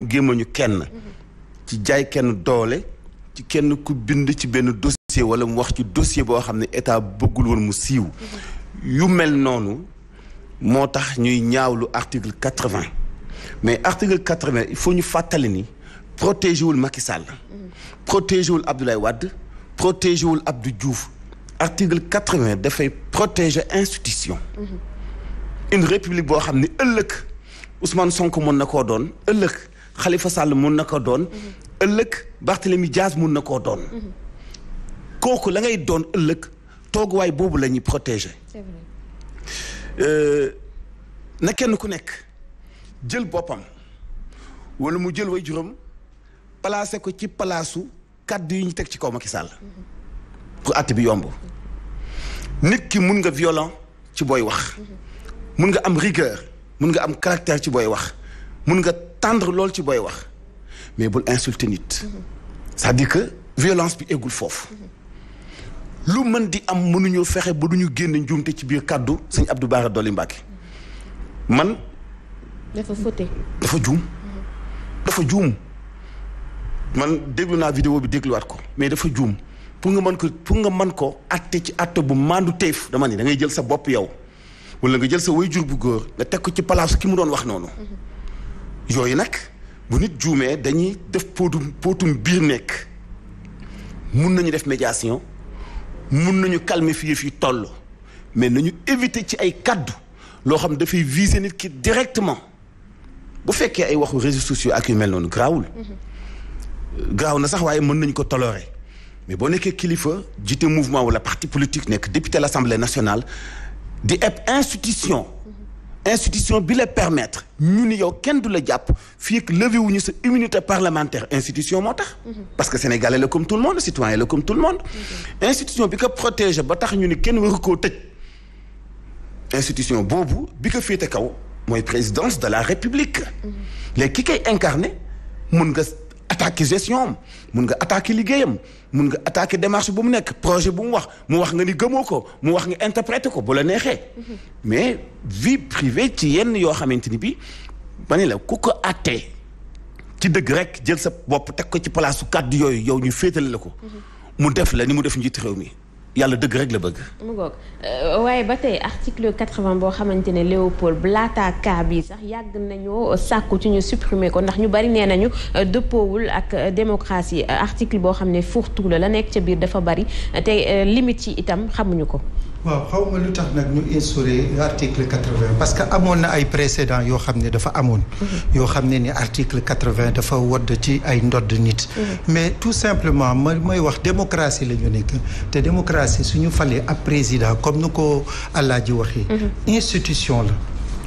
gémmañu kenn ci jaay kenn doole ci kenn ku bind ci ben dossier wala mu wax ci dossier bo xamné état bëggul woon mu siiw yu mel nonu motax ñuy ñaawlu article 80 mais article 80, il faut ñu fàttali ni protégé wul Macky Sall protégé wul Abdoulaye Wade protégé Abdou Diouf article 80, vingt protéger institution une république bo xamné ne Ousmane Sonko mon nako doon Khalifa Sall mën na ko doon. ëllëg Barthélemy Diaz mën na koo doon. kooku la ngay doon ëllëg tooguwaay boobu la ñuy protéger. c'est vrai. Euh, na kenn ku nekk jël boppam wala mu jël way juróom placé ko ci palaasu kàddu yi ñu teg ci kaw Macky Sall. pour àtt bi yomb. nit ki mun nga violent ci booy wax. mun nga am rigueur mun nga am caractère ci booy wax mun nga. tendre lool ci booy wax mais bul insulter nit c'est-à-dire que violence bi eggul foofu lu mën di am mënuñoo fexe ba du duñu génn njuumte ci biir kàddu sëñ Abdou Bara Dolly Mbacké man dafa dafa juum dafa juum man déglu naa vidéo bi dégluwaat ko mais dafa juum pour nga mën ko pour nga mën ko atte ci atte bu maandu teef dama ni da ngay jël sa bopp yow wala nga jël sa jur bu góor nga teg ko ci place ki mu doon wax noonu yooyu nag bu nit juumee dañuy def póotum potum biir nekk mun nañu def médiation mun nañu calmer fi yëf toll mais nañu éviter ci ay kaddu loo xam dafay viser nit ki directement bu fekkee ay waxu réseaux sociaux ak yu mel noonu garaawul mm-hmm. garaaw na sax waaye mën nañu ko toléré mais boo nekkee kilifa jiite mouvement wala parti politique nekk député à l'Assemblée nationale di eb institution mm-hmm institution bi la permettre ñu ni yow kenn du la japp fi ak levé sa immunité parlementaire institution mhm. parce que sénégalais est comme tout le monde citoyen le comme tout le monde. Mhm. institution bi protège, protéger ba tax ñu ni kenn waru ko institution bobu bi ko la kaw présidence de la république. Mhm. les qui incarné mën nga. attaquer gestion am mun nga attaque liggéeyam mun nga attaque démarche bu mu nekk projet bu mu wax mu wax nga ni gëmoo ko mu wax nga interpréter ko bu la neexee. Mhm. mais vie privée ci yenn yoo xamante ni bi ma ne la ku ko attee ci dëgg rek jël sa bopp teg ko ci palaasu kàdd yooyu yow ñu féetale la ko. Mhm. mu def la ni mu def njiit réew mi. yàlla dëgg rek la bëgg. mu goog euh, waaye ba tey article quatre-vingt boo xamante ne Léopold Blata cas bii sax yàgg nañoo sàkku ci ñu supprimer ko ndax ñu bari nee nañu euh, dëppoowul ak euh, démocratie article boo xam ne fourre-tout la nekk ca biir dafa bari te limite yi itam xamuñu ko. waaw xaw ma lu tax nag ñu instauré article 80 parce que amoon na ay précédent yoo xam ne dafa amoon. Mm-hmm. yoo xam ne ni article 80 dafa wodd ci ay ndodd nit. Mm-hmm. mais tout simplement ma may wax démocratie la ñu nekk te démocratie suñu falee ab président comme nu ko Alaaji waxee. Mm-hmm. institution la.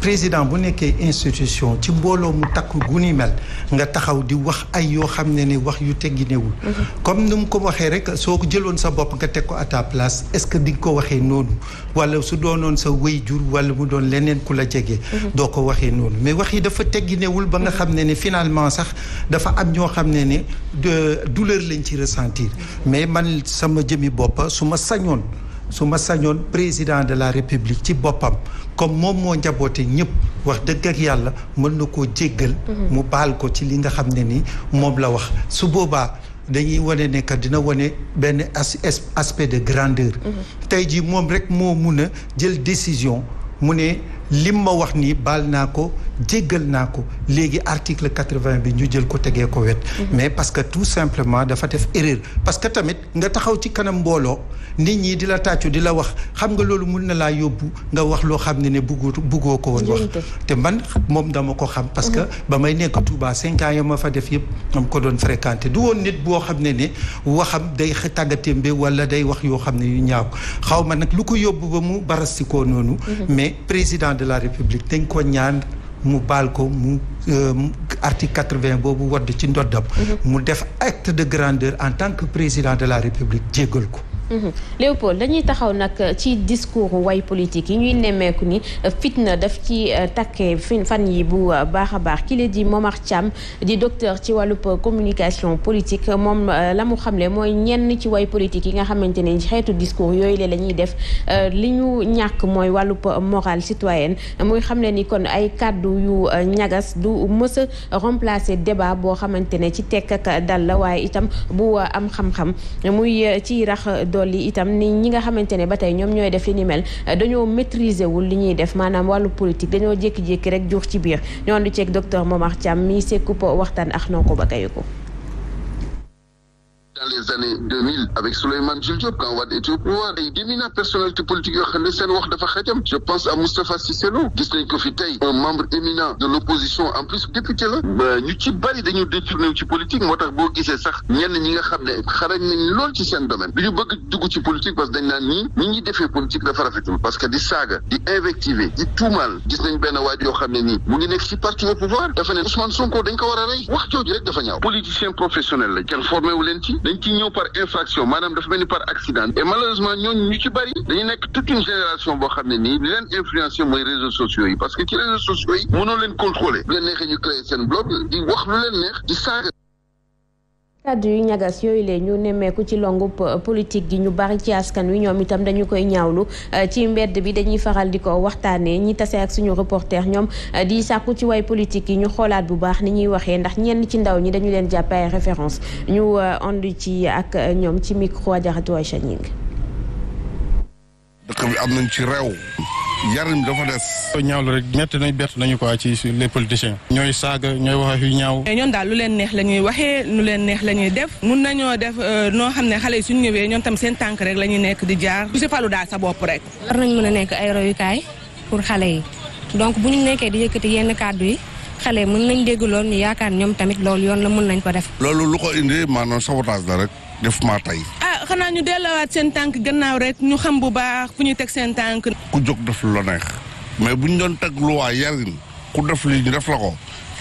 président bu nekkee institution ci mbooloo mu takk gu mel nga taxaw di wax ay yoo xam ne ni wax yu tegginewul comme ni mu ko waxee rek soo ko jëloon sa bopp nga teg ko à place est-ce que di nga ko waxee noonu wala su doonoon sa wéy jur wala mu doon leneen ku la jege. doo ko waxee noonu mais wax yi dafa tegginewul ba nga xam ne ni finalement sax dafa am ñoo xam ne ni douleur lañ ci ressentir mais man sama jëmi bopp su ma sañoon su ma sañoon président de la république ci boppam comme moom moo njaboote ñëpp wax dëgg ak yàlla mën na koo jéggal mhm. mu baal ko ci li nga xam ne ni moom la wax su boobaa dañuy wane ne dina wane benn aspect de grandeur mhm. tey jii moom rek moo mun a jël décision mu ne lim ma wax nii baal naa ko jéggal naa ko léegi article quatre-vingt bi ñu jël ko tegee ko wet mhm. mais parce que tout simplement dafa def erreur parce que tamit nga taxaw ci kanam mbooloo nit ñi di la tàccu di la wax xam nga loolu mun na laa yóbbu nga wax loo xam ne ne buggu buggoo ko woon wax te man moom dama ko xam parce que mhm. ba may nekk Touba cinq ans ya ma fa def yëpp am ko doon fréquenté du woon nit boo xam ne ne waxam day tàggatémbe wala day wax yoo xam ne yu ñaaw xaw ma nag lu ko yóbbu ba mu baras noonu mhm. de la république dañ ko ñaan mu ko euh, article 80 vingt ci mm-hmm. mu def acte de grandeur en tant que président de la république jéggal Mhm. Léopold dañuy taxaw nag ci discours way politique yi ñuy nemmeeku ni fitna daf ci euh, takkee fan yi bu euh, baax a baax ki la di Momar Thiam di docteur ci wàllub euh, communication politique moom la mu xamle mooy ñenn ci way politique yi nga xamante ne xeetu discours yooyu lee la ñuy def li ñu ñàkk mooy wàllub morale citoyenne muy xamle ni kon ay kàddu yu ñagas du mës a remplacer débat boo xamante ne ci tekk ak dal la waaye itam bu am xam-xam muy ci rax dolli itam ni ñi nga xamante ne ba tey ñoom ñooy def li ni mel dañoo maîtriser wul li ñuy def maanaam wàllu politique dañoo jékki-jékki rek juux ci biir ñoo ànd ceeg docteur Momar cam mi sekku po waxtaan ak noo ko ba kayu ko dans les années 2000 avec Souleymane Jules quand Wade était au pouvoir ay d'éminents personnalités politiques yoo xam ne seen wax dafa xajam je pense à Moustapha Cissé Lo gis nañ ko fi tey un membre éminent de l'opposition en plus député la ñu ci bari dañu détourné ci politique motax bo boo sax ñen ñi nga xamné xarañ nañ lool ci sen domaine du bëgg dugg ci politique parce dañ naan ni ñi ñuy defee politique dafa rafetul parce que di saga di invectiver di tout mal gis nañ ben waaj yo xamné ni mu ngi nek ci parti au pouvoir dafa né Ousmane Sonko dañ ko wara ray wax jooju rek dafa ñaw politicien professionnel la jël formé wu len ci dañ ci par infraction maanaam dafa mel par accident et malheureusement ñooñu ñu ci bari dañu nekk toute une génération boo xam réseaux sociaux parce que ci réseaux sociaux yi mënoo leen contrôler bu leen ñu créer blog di wax lu leen di kàddu yu ñagas yooyu lee ñu nemmeeku ci longu politique gi ñu bari ci askan wi ñoom itam dañu koy ñaawlu euh, ci mbedd bi dañuy faral di ko waxtaanee ñi tase ak suñu reporter ñoom euh, di sàkku ci way politique yi ñu xoolaat bu baax ni ñuy waxee ndax ñenn ci ndaw ñi dañu leen jàppe ay référence ñu euh, andi ci ak ñoom ci micro ajaratu Aïcha Ñing ñaawlu rek métti nañ bett nañu quoi ci les politiciens ñooy saaga ñooy wax yu ñaaw ñoom daal lu leen neex la ñuy waxee lu leen neex la def mun nañoo def euh, nekk di jaar su a nekk ay royukaay pour xale yi donc bu ñu nekkee di yëkkati yenn kàddu yi xale yi mën nañ dégg loolu ñu yaakaar ñoom tamit loolu yoon la mën nañ ko def loolu lu ko indi maanaam sabotage la rek def maa tey ah, xanaa ñu delluwaat seen tànk gannaaw rek ñu xam bu baax fu ñuy teg seen tànk. ku jóg def lu la neex. mais bu ñu doon teg loi yarin ku def lii ñu def la ko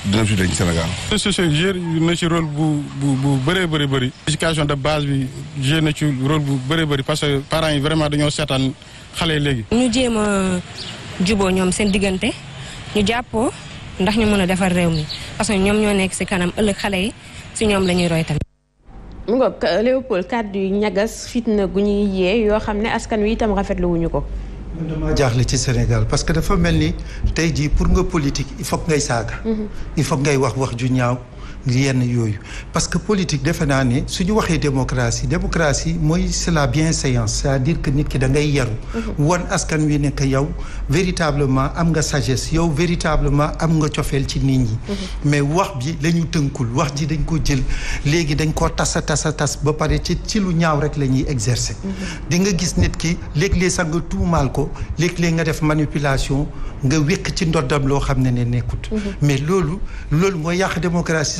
dina fi dañ Sénégal. réseaux sociaux joué na ci bu bu bu bëree bëri bëri. éducation de base bi joué na ci rôle bu bëree bëri parce que parent yi vraiment dañoo seetaan xale yi léegi. ñu jéem a juboo ñoom seen diggante ñu jàppoo ndax ñu mën a defar réew mi parce que ñoom ñoo nekk si kanam ëllëg xale yi si ñoom la ñuy roy tamit. mu ngoog Léopold kàddu yu ñagas fitna gu ñuy yee yoo xam ne askan wi itam wu ñu ko. man damaa jaaxle ci Sénégal parce que dafa mel ni tey jii pour nga politique il faut ngay saaga. Mhm. il faut ngay wax wax ju ñaaw. yenn yooyu parce que politique defe naa ne su ñu waxee démocratie démocratie mooy c'est la bienséance c'est-à-dire que nit ki da ngay yaru mhm. wan askan wi ne que yow véritablement am nga sagesse yow véritablement am nga cofeel ci nit ñi mhm. mais wax bi la ñu tënkul wax ji dañ ko jël léegi dañ koo tasa tasa tas ba pare ci ci lu ñaaw rek la ñuy exercer mhm. di nga gis nit ki léeg-léeg sax nga tuumaal ko léeg-léeg nga def manipulation nga wékk ci ndoddam loo xam ne ne nekkut mais loolu loolu mooy yàq démocratie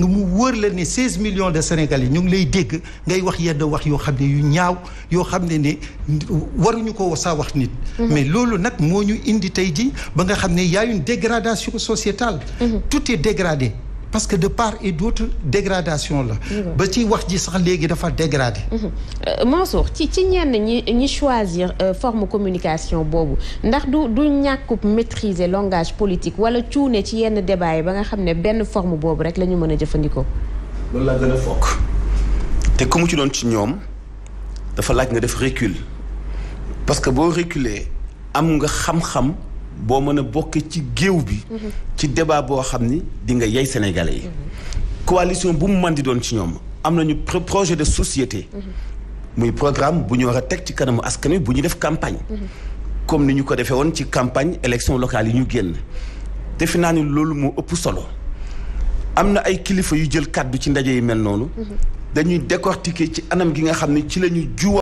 nga mu wóor la ne 16 millions de Sénégalais ñu ngi lay dégg ngay wax yenn wax yoo xam ne yu ñaaw yoo xam ne ne waruñu ko saa wax nit. Mhm. mais loolu nag moo ñu indi tey ji ba nga xam ne y a une dégradation sociétale. Mhm. tout est dégradé. parce que de part et d'autre dégradation là ba ci wax ji sax légui dafa dégradé. Mhm. Euh, Mansour ci ci ñenn ñi choisir euh, forme communication bobu ndax du du ñàkkub maîtriser langage politique wala ciune ci yenn débat yi ba nga xamné ne benn forme bobu rek lañu mëna jëfëndiko a la gëna fokk té ku mu ci doon ci ñom dafa laaj nga def recul parce que bo reculer am nga xam-xam. boo mën a bokkee ci géew bi. Mhm. ci débat boo xam ni di nga yey sénégalais yi. Mhm. coalition bu mu mën di doon ci ñoom am nañu projet de société. Mhm. muy programme bu ñu war a teg ci kanamu askan wi bu ñu def campagne. comme ni ñu ko defee woon ci campagne élection locale yi ñu génn. defe naa ni loolu moo ëpp solo am na ay kilifa yu jël kàddu ci ndaje yi mel noonu. dañuy décortiquer ci anam gi nga xam ne ci la juwa